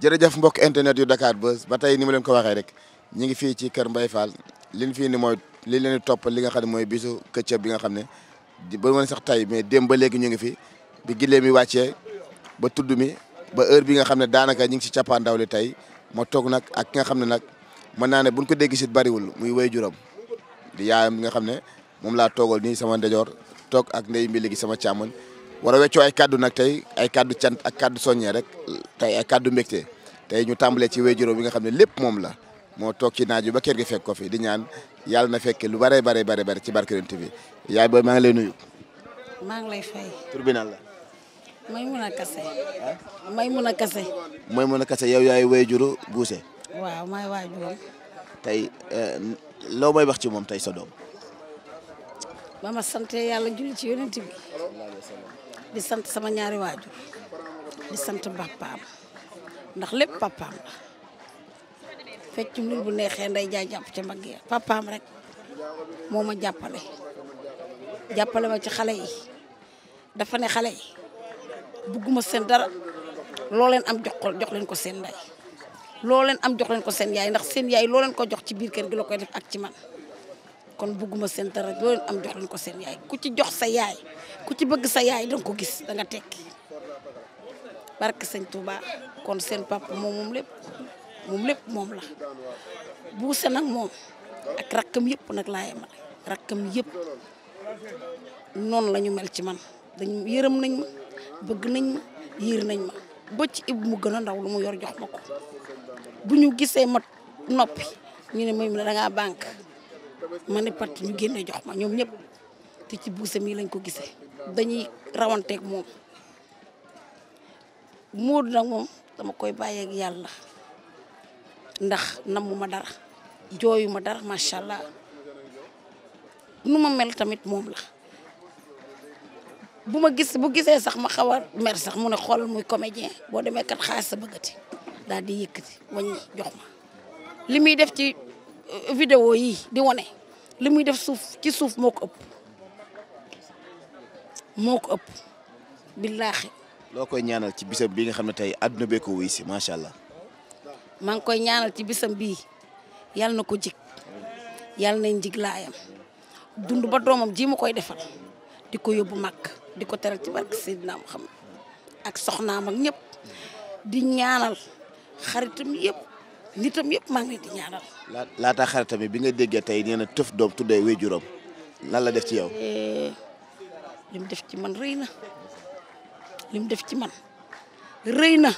jërëjëf mbokk internet yu dakaar Buzz ba tey ni ma leen ko waxee rek ñu ngi fii ci kër mbay Fall li ñu fii ni mooy li leen di toppal li nga xam ne mooy bisu këccëb bi nga xam ne ba woon sax tey mais démb léegi ñu ngi fi bi gillee mi wàccee ba tudd mi ba heure bi nga xam ne daanaka ñu ngi ci cappaandaw li tey ma toog nag ak ki nga xam ne nag mën naa ne buñ ko dégg si bariwul muy way juróom di yaayam nga xam ne moom laa toogal ni sama ndejoor toog ak ndey mbili léegi sama càmmoñ war a weccoo ay kàddu nag tey ay kaddu cant ak kàddu soññee rek tey ay kàddu mbégte tey ñu tàmbalee ci wéy juróom bi nga xam ne lépp moom la moo toog ci naaj ba kër gi fekk ko fi di ñaan yàlla na fekke lu bare bare bare bare ci barke Yonent bi yaay ba maa lay nuyu. maa ngi lay fay. tur bi nan la. Maymuna Kase. Ah? Maymuna Kase. Maymuna Kase yow yaay wéyjuru Buuse. waaw maay waajuram. tey eh, loo may wax ci moom tey sa doom. ba ma sant yàlla julli ci Yonent bi. di sant sama ñaari waajur. di sant bappaam. ndax lépp papaam la feccum nit bu neexee nday jaay jàpp ca mbagg ya papaam rek moo ma jàppale jàppale ma ci xale yi dafa ne xale yi bugguma seen dara loo leen am jox ko jox leen ko seen nday loo leen am jox leen ko seen yaay yaay loo leen ko jox ci biir kër gi la koy def ak ci man kon bugguma seen dara loo am jox ko seen yaay ku ci jox sa yaay ku ci bëgg sa yaay danga ko gis danga tekki barke sëñ Touba kon seen papa moom moom lépp moom lépp moom la buuse nag moom ak rakkam yëpp nag laa yemale rakkam yëpp noonu la ñu mel ci man dañ yërëm nañ ma bëgg nañ ma yiir nañ ma ba ci ib mu gën a ndaw lu mu yor jox ma ko bu ñu gisee ma noppi ñu ne moom la da ngaa banque ma ne pat ñu génne jox ma ñoom ñëpp te ci buuse mii lañ ko gisee dañuy rawanteeg moom Modou nag moom dama koy bàyyi yàlla ndax namuma dara jooyuma dara macha allah nu ma mel tamit moom la bu ma gis bu gisee sax ma xaw a mer sax mu ne xoolal muy comédien boo demee kat xaalis sa bëggati daal di yëkkati wañ jox ma li muy def ci euh, vidéo yi di wane li muy def suuf ci suuf mook ko ëpp moo ko ëpp billaahi loo koy ñaanal ci bisam bi nga xam ne tey àdduna bee ko wuy si macha allah. maa ngi koy ñaanal ci bisam bii yal na ko jig yal na jig laayam dund ba doomam ji ma koy defal di ko yóbbu mag di ko teral ci barke Seydina xam ak soxnaam ak ñépp di ñaanal xaritam yëpp nitam yëpp maa ngi leen di ñaanal. laataa xaritam yi bi nga déggee tey nee na tëf doom tuddee wéjuram lan la def ci yow. Eh, li mu def ci man rëy na. li mu def ci man rëy na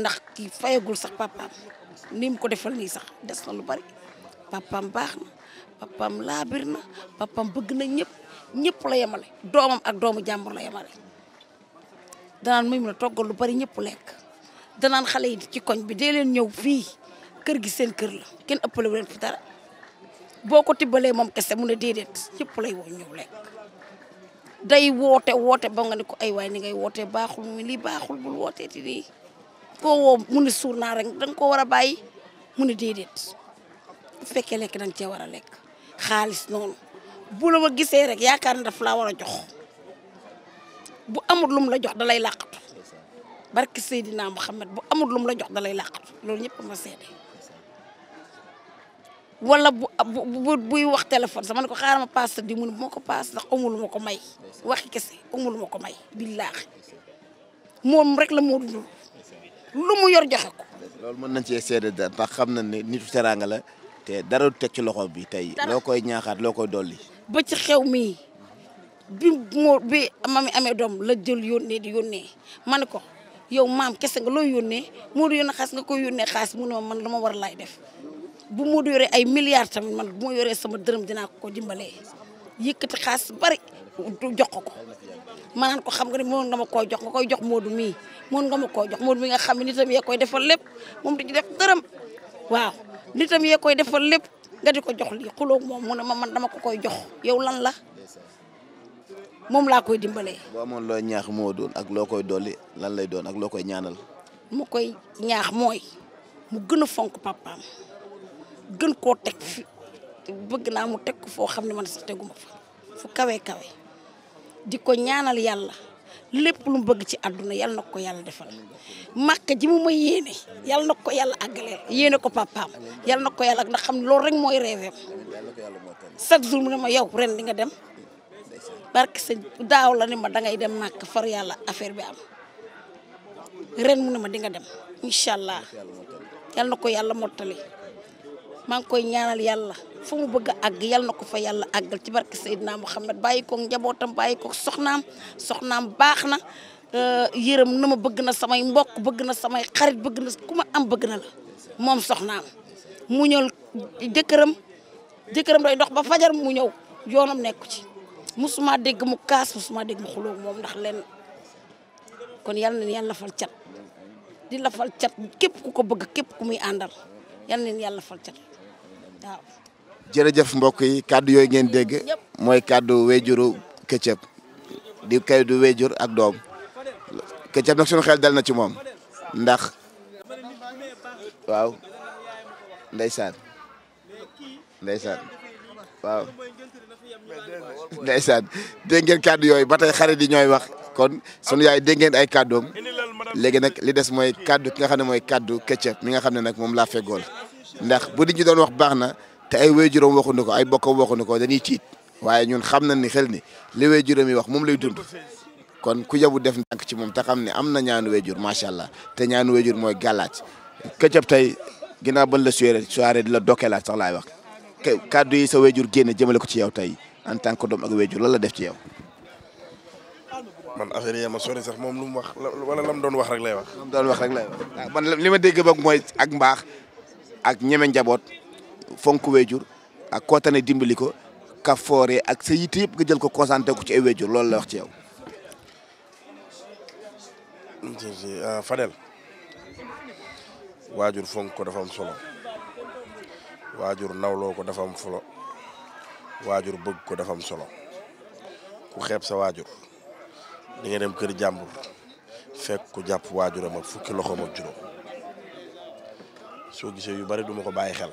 ndax kii fayagul sax papaam ni mu ko defal nii sax des na lu bari papaam baax na papaam laabir na papaam bëgg na ñëpp ñëpp la yemale doomam ak doomu jàmbur la yemale danaan muy mu la lu bari ñëpp lekk danaan xale yi ci koñ bi dee ñëw fii kër gi seen kër la kenn ëppale wu fi dara boo ko tibbalee moom kese mu ne déedéet ñëpp lay woo ñëw lekk day woote woote ba nga ne ko ay waay ni ngay wootee baaxul mu lii baaxul bul wootee ti lii koo woo mu ne suur naa rek da nga koo war a bàyyi mu ne déedéet bu fekkee lekk da nga cee war a lekk xaalis noonu bu la ma gisee rek yaakaar ni daf laa war a jox bu amul lum la jox da lay làqatu barki Seydina Muhammad bu amul lum la jox da lay làqatu loolu ñëpp ma seede wala bu bu buy wax téléphone sax ma ko xaaral ma paas di mun bu ma ko paas ndax amul ma ko may waxi kese amul ma ko may billaahi moom rek la moo dund lu mu yor joxe ko. loolu mën nañ cee seede da ndax xam na ne nitu teraanga la te dara teg ci loxo bi tey. loo koy ñaaxaat loo koy dolli. ba ci xew mii bi moo bi amee doom la jël yónnee di yónnee ma ne ko yow maam kese nga looy yónnee moo di yónnee xaas nga koy yónnee xaas mu ne ma man lu ma war laay def. bu Modou yoree ay milliards tamit man bu yoree sama dërëm dina ko ko dimbalee yëkkati xaalis bari jox ko ko ko xam nga ne mën nga ma koo jox nga koy jox Modou mii mën nga ma koo jox Modou mii xam ne nitam yee koy defal lépp moom du ci def dërëm waaw nitam yee koy defal lépp nga di ko jox lii xulóog moom mu ne ma man dama ko koy jox yow lan la moom laa koy dimbale boo amoon looy ñaax moo doon ak loo koy dolli lan lay doon ak loo koy ñaanal. mu koy ñaax mooy mu gën a fonk papaam. gën koo teg fi bëgg naa mu teg ko foo xam ne man sax teguma fa fu kawee kawe di ko ñaanal yàlla lépp lu bëgg ci àdduna yàlla na ko yàlla defal màkk ji mu ma yéene yàlla na ko yàlla àggaleel yéene ko papaam yàlla na ko yàlla ak xam loolu rek mooy rêveem chaque jour mu ne ma yow ren di nga dem barke sa daaw la ne ma dangay dem màkk far yàlla affaire bi am ren mu ne ma di nga dem incha allah yàlla na ko yàlla mottali maa ngi koy ñaanal yàlla fu mu bëgg a àgg na ko fa yàlla àggal ci barke Seydina Mouhamed bàyyi koog njabootam bàyyi ko soxnaam soxnaam baax na euh, yërëm na ma bëgg na samay mbokk bëgg na samay xarit bëgg na ku ma am bëgg na moom soxnaam mu ñëw jëkkëram jëkkëram day dox ba fajar mu ñëw yoonam nekku ci musuma dégg mu kaas musuma dégg mu xuloo moom ndax leen kon yal na yàlla fal cat di la fal cat képp ku ko bëgg képp ku muy àndal yal na yàlla fal cat jërëjëf mbokk yi kàddu yooyu ngeen dégg mooy kàddu wéjuru Ketchup di kàddu wéjur ak doom Ketchup nag suñu xel dal na ci moom ndax waaw ndeysaan ndeysaan waaw ndeysaan dégg ngeen kàddu yooyu ba tey xarit yi ñooy wax kon sunu yaay dégg ngeen ay kàddoom léegi nag li des mooy kàddu ki nga xam ne mooy kàddu Ketchup mi nga xam ne nag moom laa feggool ndax bu nit ñi doon wax baax na te ay waajuram waxuñu ko ay bokkam waxuñu ko dañuy tiit waaye ñun xam na ni xel ni li waajuram yi wax moom lay dund kon ku yabu def ndànk ci moom te xam ne am na ñaanu waajur macha allah te ñaanu waajur mooy ka këccëb tey ginnaaw ban la soirée soirée di la dokelaat sax laay wax kàddu yi sa waajur génne jëmale ko ci yow tey en tant que doom ak waajur lan la def ci yow. man affaire yi ma sori sax moom lu mu wax wala lam doon wax wax. rek lay wax man li ak ñeme njaboot fonk wéjur ak kootane dimbali ko ka foore ak sa yitte yëpp nga jël ko concentré ku ci ay wéjur loolu la wax ci yow. Euh, Fadel waajur fonk ko dafa am solo waajur nawloo ko dafa am folo waajur bëgg ko dafa am solo ku xeeb sa waajur da nga dem kër jàmbur fekk ku jàpp waajuram ak fukki loxo ak juróom. soo gisee yu bari duma ko bàyyi xel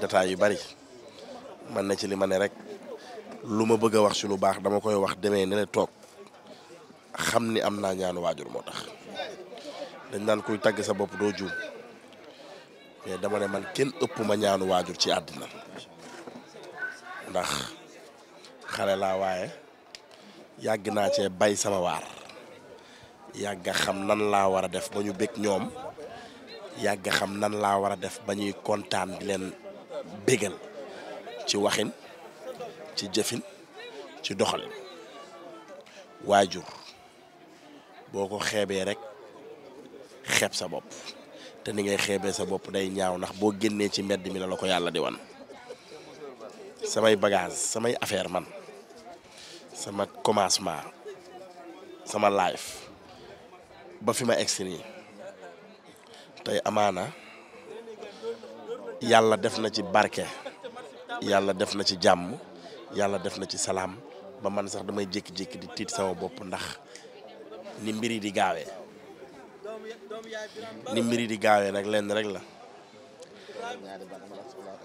détails yu bari man na ci li ma ne rek lu ma bëgg a wax ci lu baax dama koy wax demee ne toog xam ni am naa ñaanu waajur moo tax dañ naan kuy tagg sa bopp doo juum mais dama ne man kenn ëpp ñaanu waajur ci àddina ndax xale laa waaye yàgg naa cee bay sama waar yàgg xam nan laa war a def ba ñu bëgg ñoom yàgg xam nan laa war a def ba ñuy kontaan di leen bégal ci waxin ci jëfin ci doxalin waajur boo ko xeebee rek xeeb sa bopp te ni ngay xeebee sa bopp day ñaaw ndax boo génnee ci mbedd mi la la ko yàlla di wan samay bagage samay affaire man sama commencement sama life ba fi ma egsi nii amaana yàlla def na ci barke yàlla def na ci jàmm yàlla def na ci salaam ba man sax damay jékki-jékki di tiit sama bopp ndax ni mbir yi di gaawe ni mbir yi di gaawee nag lenn rek la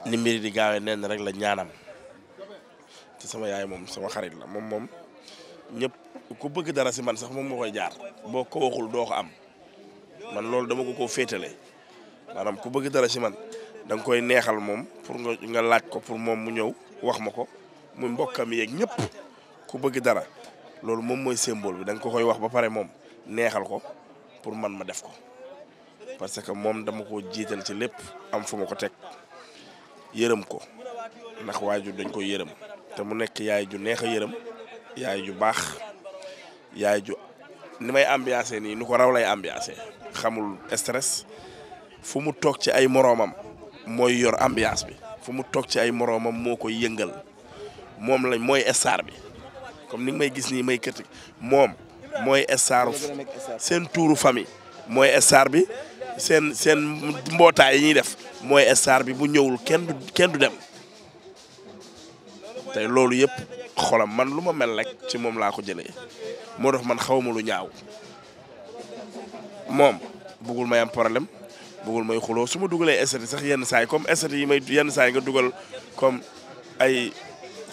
ni mbir di gaawe lenn rek la ñaanam te sama yaay moom sama xarit la moom moom ñëpp ku bëgg dara si man sax moom moo koy jaar boo ko waxul doo ko am. man loolu dama ko koo féetale maanaam ku bëgg dara ci man da koy neexal moom pour nga nga laaj ko pour moom mu ñëw wax ma ko muy mbokkam yeeg ñëpp ku bëgg dara loolu moom mooy symbole bi dang ko koy wax ba pare moom neexal ko pour man ma def ko parce que moom dama ko jiital ci lépp am fu ma ko teg yërëm ko ndax waajur dañ koy yërëm te mu nekk yaay ju neex a yërëm yaay ju baax yaay ju ni may ambiancé nii nu ko raw lay ambiancé xamul stress fu mu toog ci ay moroomam mooy yor ambiance bi fu mu toog ci ay moroomam moo koy yëngal moom lañ mooy star bi comme ni nga may gis nii may critique moom mooy star tuuru famille mooy star bi seen seen mbootaay yi ñuy def mooy star bi bu ñëwul kenn du kenn du dem te loolu yëpp xolam man lu ma mel rek ci moom laa ko jëlee moo dox man xawma lu ñaaw moom bëggul may am problème bëggul may xuloo su ma dugalee estati sax yenn saay comme estati yi may yenn saay nga dugal comme ay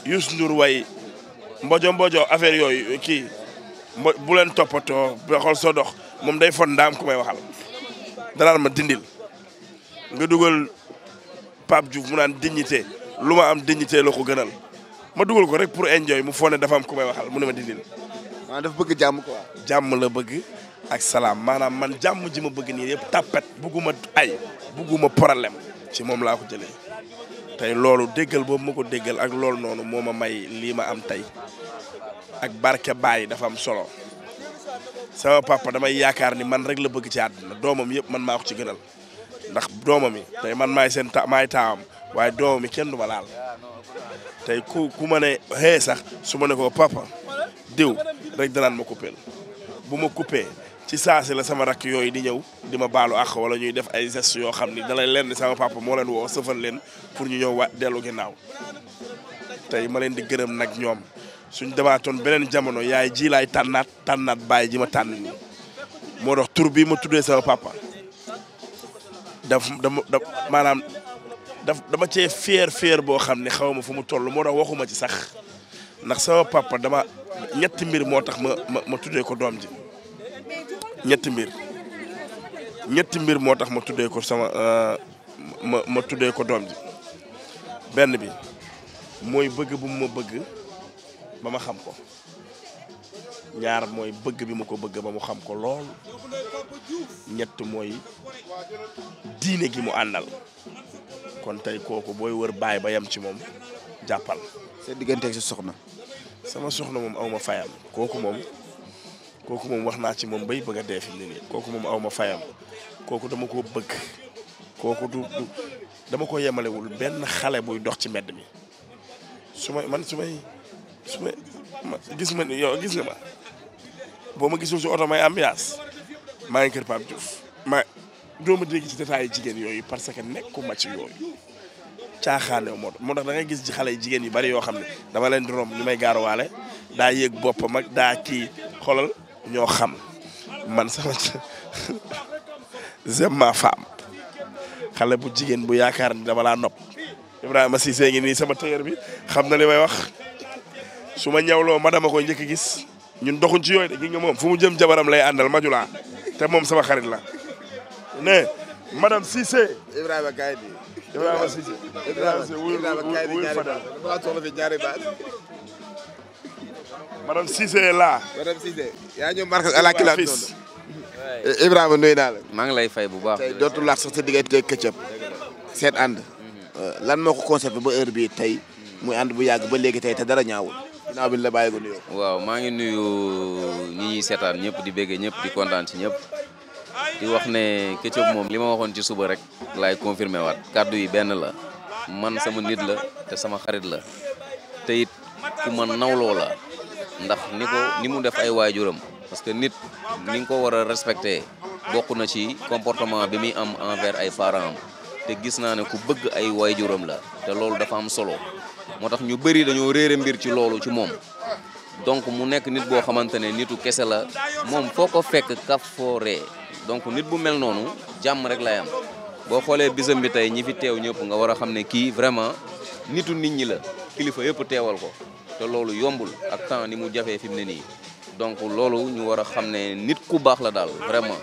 Youssou Ndour way mbojo mbojo affaire yooyu kii mbo bu leen toppatoo xool soo dox moom day fon ndaam ku may waxal danaan ma dindil nga dugal Pape ju mu naan dignité lu ma am dignité la ko gënal ma dugal ko rek pour enjoy mu foog ne dafa am ku may waxal mu ne ma dindil. waaw daf bëgg jàmm ko jàmm la bëgg ak salaam maanaam man jàmm ji ma bëgg nii yëpp tàppet bugguma ay bugguma problème ci moom laa ko jëlee tey loolu déggal boobu ma ko déggal ak loolu noonu moo ma may lii ma am tey ak barke baay dafa am solo sama papa damay yaakaar ni man rek la bëgg ci àdduna doomam yëpp man maa ko ci gënal ndax doomam yi tey man maay seen ta maay taawam waaye doomam yi kenn du ma laal tey ku ku ma ne xëy sax su ma ne ko papa diw rek danaan ma coupé bu ma coupé ci saasi la sama rakk yooyu di ñëw di ma baalo àq wala ñuy def ay gestes yoo xam ni dalay leen sama papa moo leen woo sëfal leen pour ñu ñëw wa dellu ginnaaw tey ma leen di gërëm nag ñoom suñ demaatoon beneen jamono yaay ji laay tànnaat tànnaat baay ji ma tànn nii moo tax tur bi ma tuddee sama papa daf dama da maanaam daf dama cee fier fier boo xam ne xaw fu mu toll moo tax waxuma ci sax ndax sama papa dama ñetti mbir moo tax ma ma ma tuddee ko doom ji ñetti mbir ñetti mbir moo tax ma tuddee ko sama euh, ma ma tuddee ko doom ji benn bi mooy bëgg bu ma bëgg ba ma xam ko ñaar mooy bëgg bi ma ko bëgg ba mu xam ko lool ñett mooy diine gi mu àndal kon tey kooku booy wër baay ba yem ci moom jàppal. sa digganteeg sa soxna. sama soxna moom awma fayam kooku moom. kooku moom wax naa ci moom bay bëgg a dee fi mu ne nii kooku moom aw ma fayam kooku dama ko bëgg kooku du dama ko yemalewul benn xale buy dox ci mbedd mi su ma man su may su ma gis ma ni yow gis nga ma boo ma gisul si oto may ambiance maa ngi kër Pape Diouf ma doo ma dégg ci détail jigéen yooyu parce que nekkuma ci yooyu caaxaanew moo moo tax da ngay gis ci xale jigéen yu bari yoo xam ne dama leen di romb ñu may gaaruwaale daa yéeg boppam ak daa kii xolal ñoo xam man sama j'aime ma femme xale bu jigéen bu yaakaar ni dama laa nopp Ibrahima Cissé ngi nii sama tailleur bi xam na li may wax suma ma ñawloo ma dama koy njëkk gis ñun doxuñ ci yooyu de gi moom fu mu jëm jabaram lay àndal majulaa te moom sama xarit la ne madame Cissé. Ibrahima Kaye bi Ibrahima Cissé. Ibrahima Ibrahima Kaye bi ñaari baat madame Cissé la madame Cissé yaa eh, Ibrahima nuyu daal maa ngi lay fay bu baax. tey dootul laaj sax sa diggante Ketchup. seet ànd. Mhm. lan moo ko conservé ba heure bii tey. muy ànd bu yàgg ba léegi tey te dara ñaawul. ginnaaw bi la bàyyi ko nuyoo. waaw maa ngi nuyu ñi ñuy seetaan ñëpp di béggee ñëpp di kontaan ci ñëpp. di wax ne Ketchup moom li ma waxoon ci suba rek. laay confirmé waat kàddu yi benn la. man sama nit la te sama xarit la. te it ku ma nawloo la. ndax ni ko ni mu def ay waajuram parce que nit ni nga ko war a respecté bokk na ci comportement bi muy am envers ay parents te gis naa ne ku bëgg ay waajuram la te loolu dafa am solo moo tax ñu bëri dañoo réer mbir ci loolu ci moom donc mu nekk nit boo xamante ne nitu kese la moom foo ko fekk kafooree donc nit bu mel noonu jàmm rek lay am boo xoolee bisam bi tey ñi fi teew ñëpp nga war a xam ne kii vraiment nitu nit ñi la kilifa yëpp teewal ko te loolu yombul ak temps ni mu jafee fi mu ne nii donc loolu ñu war a xam ne nit ku baax la daal vraiment.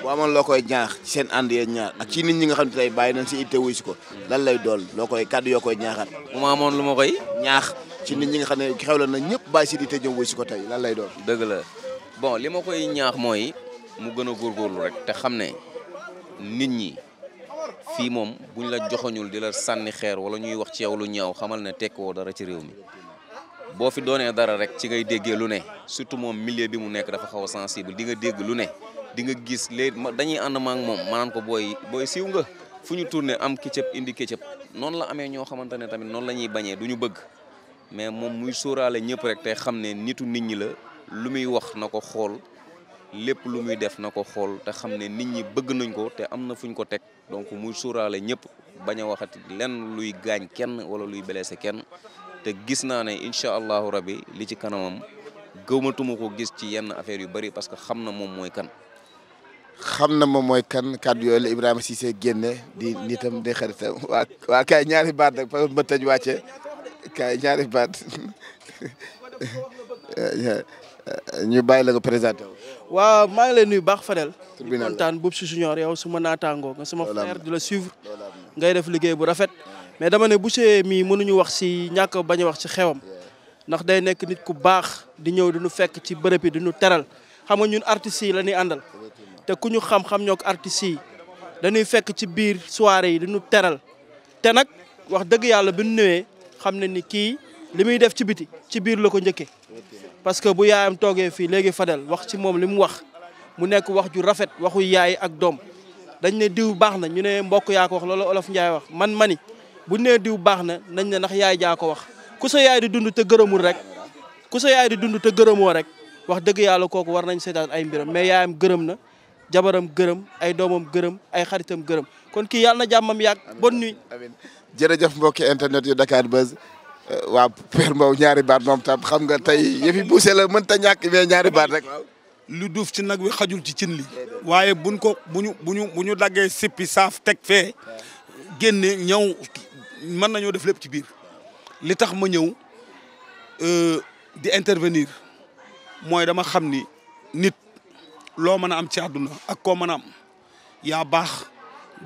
boo amoon loo koy ñaax ci seen ànd yeen ñaar ak ci nit ñi nga xam ne tey bàyyi nañ si itte wuy si ko lan lay dool loo koy kàddu koy ñaaxaat. bu ma amoon lu ma koy. ñaax ci nit ñi nga xam ne xewle na ñëpp bàyyi si itte ñëw wuy si ko tey lan lay dool. dëgg bon li ma koy ñaax mooy mu gën a góorgóorlu rek te xam ne nit ñi. fii moom buñ la joxoñul di la sànni xeer wala ñuy wax ci yow lu ñaaw xamal ne tekk woo dara ci réew mi boo fi doonee dara rek ci ngay déggee lu ne surtout moom milieu bi mu nekk dafa xaw a sensible di nga dégg lu ne di nga gis léegi dañuy ànd ma moom maanaam ko booy booy siiw nga fu ñu tourné am kécëb indi kécëb noonu la amee ñoo xamante ne tamit noonu lañuy bañee du ñu bëgg mais moom muy sóoraale ñëpp rek tey xam ne nitu nit ñi la lu muy wax na ko xool lépp lu muy def na ko xool te xam ne nit ñi bëgg nañ ko te am na fu ñu ko teg donc muy sóoraale ñëpp bañ a waxati lenn luy gaañ kenn wala luy blessé kenn te gis naa ne incha allahu rabi li ci kanamam gëmatuma ko gis ci yenn affaire yu bari parce que xam na moom mooy kan. xam na moom mooy kan kàddu yooyu la Ibrahima Cissé génne di nitam di xaritam waa waa ñaari baat rek parce que ma ñu bàyyi la ko présenté wu. waaw maa ngi lay nuyu baax Fadel. tribunal kontaan Boubou si junior yow suma naataangoo nga suma frère di la suivre. ngay def liggéey bu rafet. mais dama ne Boucher mii mënuñu wax si ñàkk bañ a wax si xewam ndax day nekk nit ku baax di ñëw di ñu fekk ci bërëb yi di ñu teral xam nga ñun artistes yi la ñuy àndal te ku ñu xam-xam ñoo ko artistes yi dañuy fekk ci biir soirée yi di ñu teral te nag wax dëgg yàlla bi ñu ñëwee xam ne ni kii li muy def ci biti ci biir la ko njëkkee parce que bu yaayam toogee fii léegi Fadel wax ci moom li mu wax mu nekk wax ju rafet waxu yaay ak doom dañ ne diw baax na ñu ne mbokk yaa ko wax loolu olof Njaay wax man mani buñ nee diw baax na nañ ne ndax yaay jaa ko wax ku sa yaay di dund te gërëmul rek ku sa yaay di dund te gërëmoo rek wax dëgg yàlla kooku war nañ seetaan ay mbiram mais yaayam gërëm na jabaram gërëm ay doomam gërëm ay xaritam gërëm kon ki yàlla na jàmmam yàgg bonne nuit amiin jërëjëf mbokki internet yu Dakar Buzz euh, waaw Père Mbow ñaari baat moom tam xam nga tey yëfi buuse la mën ta ñàkk mais ñaari baat rek lu duuf ci nag wi xajul ci cin li waaye buñ ko buñu buñu bu ñu daggee sippi saaf teg fee génne ñëw mën nañoo def lépp ci biir li tax ma ñëw euh, di intervenir mooy dama xam ni nit loo mën a am ci àdduna ak koo mën a yaa baax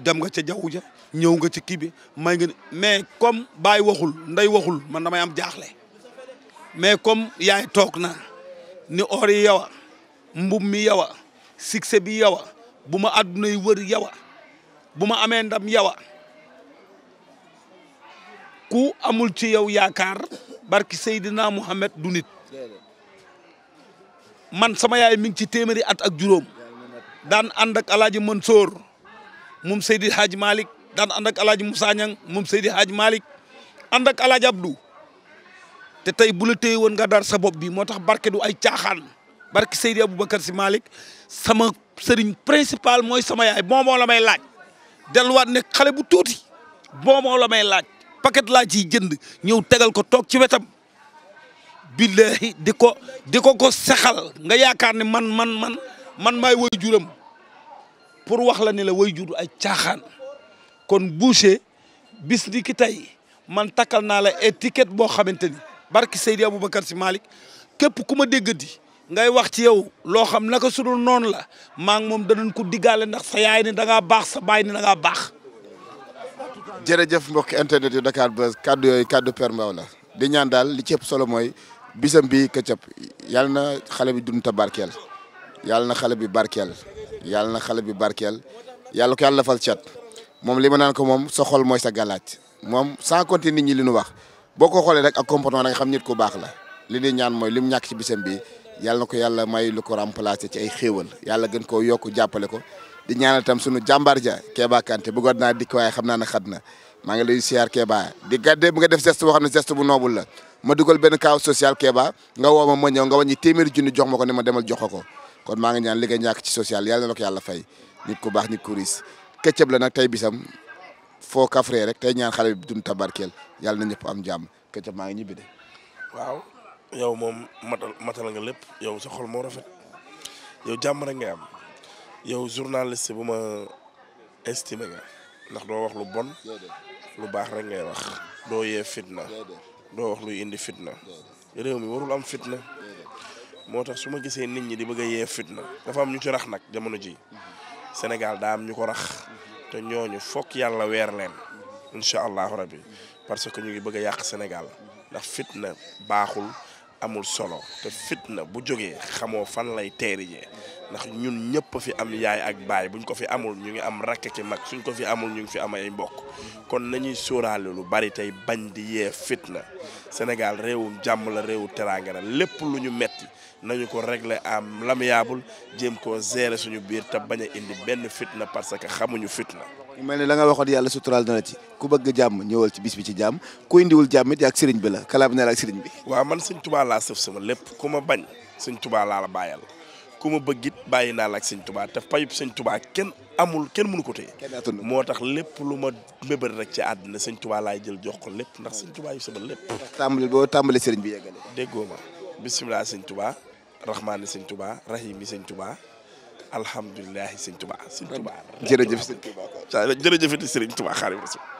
dem nga ca jaww ja ñëw nga ci kii bi may nga mais comme baay waxul nday waxul man damay am jaaxle mais comme yaay toog na ni or yi yow a mbub mi yow a succès bi yow a bu ma àdduna yi wër yow bu ma amee ndam yow a ku amul ci yow yaakaar barki Seydina Mohamed du nit man sama yaay mi ngi ci téeméeri at ak juróom daan ànd ak alaaji Mansour moom Seydi Hadj Malick daan ànd ak alaaji Moussa Niang moom Seydi Hadj malik ànd ak alaaji Abdou te tey bu la téye woon nga dar sa bopp bi moo tax barke du ay caaxaan barke Seydi Aboubacar Sy Malick sama sëriñ principal mooy sama yaay bon la may laaj delluwaat nekk xale bu tuuti bon la may laaj paquet laa ciy jënd ñëw tegal ko toog ci wetam billahi di ko di ko ko saxal nga yaakaar ne man man man man may way juram pour wax la ne la way jur ay caaxaan kon boucher bis ni ki tey man takkal naa la étiquette boo xamante ni barki Seydi Aboubacar Sy képp ku ma déggati ngay wax ci yow loo xam naka sudul noonu la maa moom danañ ko diggaale ndax sa yaay ni da ngaa baax sa baay ni da baax jërëjëf mbokk internet yu Dakar Buzz kàddu yooyu kàddu Père Mbaw la di ñaan daal li ci ëpp solo mooy bisam bi këccëb yàlla na xale bi dund ta barkeel yàlla na xale bi barkeel yàlla na xale bi barkeel yàlla ko yàlla fal cat moom li ma naan ko moom sa mooy sa galaaj moom sans nit ñi li nu wax boo ko xoolee rek ak comportement da xam nit ku baax la li ñuy ñaan mooy lim ñàkk ci bisam bi yàlla ko yàlla may lu ko remplacer ci ay xéewal yàlla gën koo yokk jàppale ko di ñaanal tam sunu jàmbaar ja Keba Kanté bëggoon naa dikk waaye xam naa ne xat na maa ngi lay siyaar Keba di gàdde bu nga def geste boo xam ne geste bu noobul la ma dugal benn cas social Keba nga woo ma ma ñëw nga wàññi téeméeri junni jox ma ko ne ma demal jox ko kon maa ngi ñaan li nga ñàkk ci social yàlla na ko yàlla fay nit ku baax nit ku riis këccëb la nag tey bisam foo kafree rek tey ñaan xale bi dund tabarkeel yàlla na ñëpp am jàmm këccëb maa ngi ñibbi de. waaw yow moom matal matal nga lépp yow sa moo rafet yow jàmm rek ngay am yow journaliste bu ma estimé nga ndax doo wax lu bon lu baax rek ngay wax doo yee fitna doo wax luy indi fitna réew mi warul am fitna moo tax su ma gisee nit ñi di bëgg a yee fitna dafa am ñu ci rax nag jamono ji Sénégal daa am ñu ko rax te ñooñu fokk yàlla weer leen incha allahu rabbi parce que ñu ngi bëgg a yàq Sénégal ndax fitna baaxul amul solo te fitna bu jógee xamoo fan lay teerijee ndax ñun ñëpp fi am yaay ak baay buñ ko fi amul ñu ngi am rakk ki mag suñ ko fi amul ñu ngi fi am ay mbokk kon nañuy sóoraale lu bari tey bañ di yee fitna Sénégal réewum jàmm la réewu teraanga lépp lu ñu metti nañu ko régler am l'amiable jéem koo gérer suñu biir te bañ indi benn fitna parce que xamuñu fitna. mu mel ne la nga yàlla suturaal na la ci ku bëgg jàmm ñëwal ci bis bi ci jàmm ku indiwul jàmm it ak sëriñ bi la kalaam ne la ak sëriñ bi. waaw man suñ tubaa laa sëf lépp ku ma bañ suñ tubaa laa la bàyyal. ku ma bëggit bàyyi naa la ak sëñ tubaa te payub sëñ tubaa amul kenn mënu ko téye moo tax lépp lu ma mébéri rek ci àddina sëñ tubaa laay jël jox ko lépp ndax sëñ tubaa yu sabal lépp tàmbali boo tàmbali sëriñ bi yeggale déggoo ma bisimilah sëñ tubaa rahmaani sëñ tubaa rahim yi sëñ tubaa alhamdulilahi sëñ tubaa sëñ tubaa jërëjëf sëñ tubaa jërëjëfati sëriñ tubaa xaarim rasul